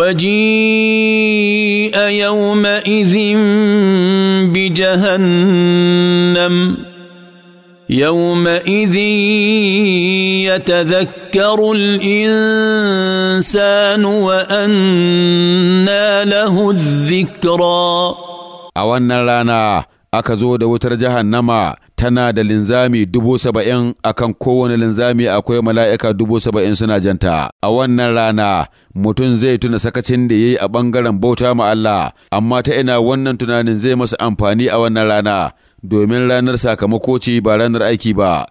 وجيء يومئذ بجهنم يومئذ يتذكر الانسان وانى له الذكرى او ان aka zo da wutar Nama tana da linzami dubu saba'in a kan kowane linzami akwai mala'ika dubu saba'in suna janta. A wannan rana mutum zai tuna sakacin da ya yi a ɓangaren bauta ma Allah, amma ta ina wannan tunanin zai masa amfani a wannan rana, domin ranar sakamako ce ba ranar aiki ba.